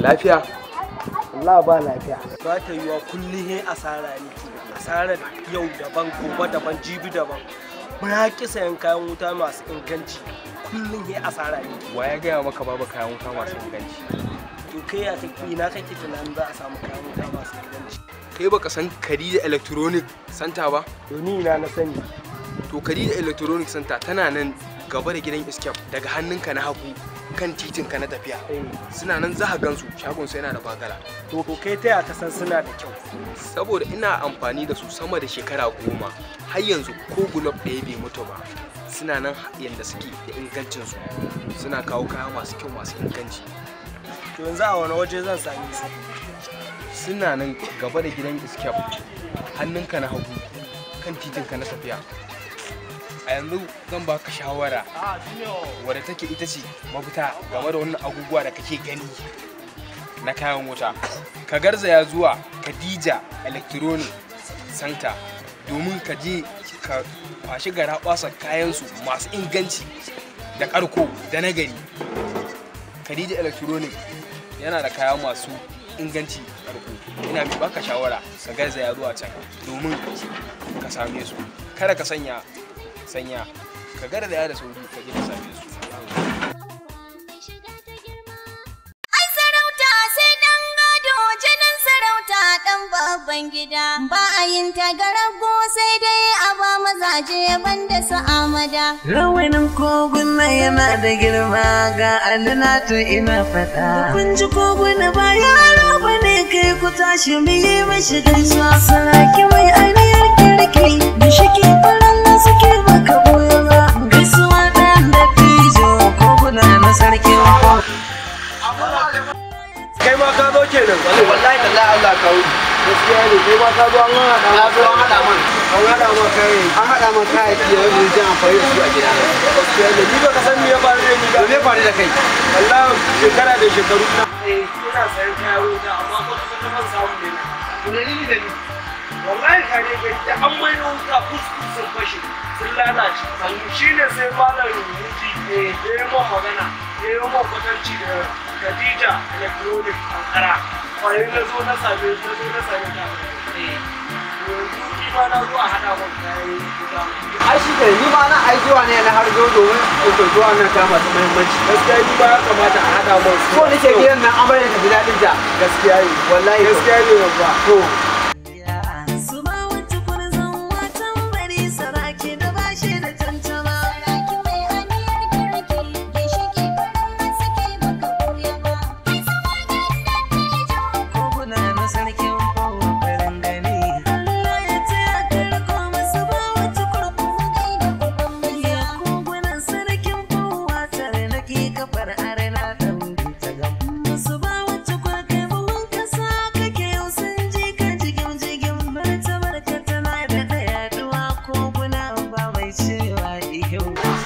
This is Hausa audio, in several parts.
lafiya Allah ba lafiya ba ta yiwa kullum asara ne asarar yau daban gobe daban jibi daban ba ki sayan kayan wuta masu inganci kullum ya asara ne wa ya gaya maka babu kayan wuta masu inganci to kai ya kake ina kake tunanin za a samu kayan wuta masu inganci kai baka san kari da Electronic Santa ba to ni ina na sani to kari da Electronic Santa tana nan gaba da gidan Iskep daga hannunka na hagu kan titin ka na tafiya suna nan za ka gansu shagon su yana da bagala to ko kai taya ta san suna da kyau saboda ina amfani da su sama da shekara goma har yanzu ko gulob ɗaya bai mutu ba suna nan yadda suke da ingancin su suna kawo kaya masu kyau masu inganci to yanzu a wani waje zan sami su suna nan gaba da gidan iskep hannunka na hagu kan titin ka na tafiya a yanzu zan baka shawara wadda take ita ce mafita game da wannan abubuwa da kake gani na kayan wuta ka garzaya zuwa kadija electronic center domin ka je ka kwashi gara kayansu masu inganci da karko da nagari kadija electronic yana da kaya masu inganci karko ina mai baka shawara ka garzaya zuwa can domin ka same su kada ka sanya sanya ka gara da sauri ka su ai sarauta sai dan gado jinin sarauta dan babban gida ba a yin tagarago sai dai a ba mazaje banda su amada rawanin kogun na yana da girma ga alinatu ina fada kun ji kogun ba yaro bane kai ku tashi mu yi mashi gaisuwa saraki mai ainihin kirki kenan wallahi tallahi Allah kawo gaskiya ne kai ma ka zo an hada ma zo an hada an hada ma kai an hada ma kai ki yau ne jan amfani da su a gida gaskiya ne ni ba ka san me ya faru da ni ba me faru da kai wallahi shekara da shekaru na eh, ina sayan kaya wuta amma ban samu ne na dalili da ni wallahi ne kai da an mai wuta kuskus sun fashe sun lalace ne sai eh, magana yi kwatanci da Khadija Electronic kankara. kwayoyi na zo na same na zo na same ta eh. ni ma na a ai shi ne ni na aikiwa ne na har zo domin ɗaukarwa nan ta masu muhimmanci gaskiya ni ba ya kamata a hada mun ko nake gidan nan amarya ta ji daɗin ta gaskiya yi. wallahi gaskiya ne babba to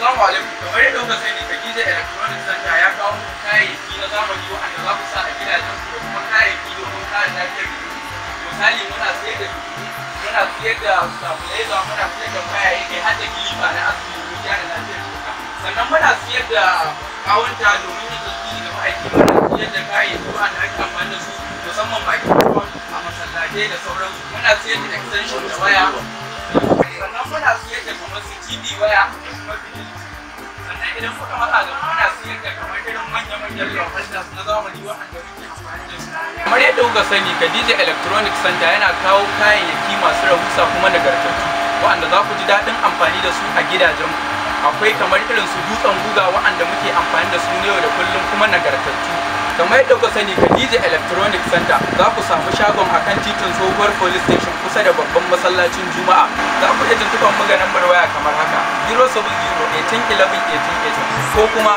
Assalamu alaikum kamar yadda muka sani Khadija Electronic Center ya kawo mu kayayyaki na zamani waɗanda za ku sa a gidajen su, da kuma kayayyaki domin kare lafiyar jiki. Misali muna sayar da jiki, muna sayar da stabilizer, muna sayar da kayayyaki har da kilifa na asibiti domin gyara lafiyar jiki. Sannan muna sayar da kawunta domin yin tasiri da ma'aiki, muna sayar da kayayyaki waɗanda ake amfani da su musamman bakin ruwan a masallatai da sauransu. Muna sayar da extension da waya tv waya sannan idan kuka matsa da muna siyar da kamar irin manya-manyan lafastas na zamani waɗanda muke amfani da su kamar yadda kuka sani khadija electronic center yana kawo kayayyaki masu rahusa kuma nagartattu wa'anda za ku ji daɗin amfani da su a gidajenmu akwai kamar irin su dutsen guga wa'anda muke amfani da su yau da kullum kuma nagartattu kamar yadda ku sani Khadija Electronic Center za ku samu shagon a kan titin tsohuwar police station kusa da babban masallacin Juma'a za ku iya tuntuɓar maganar barwaya kamar haka 070 ko kuma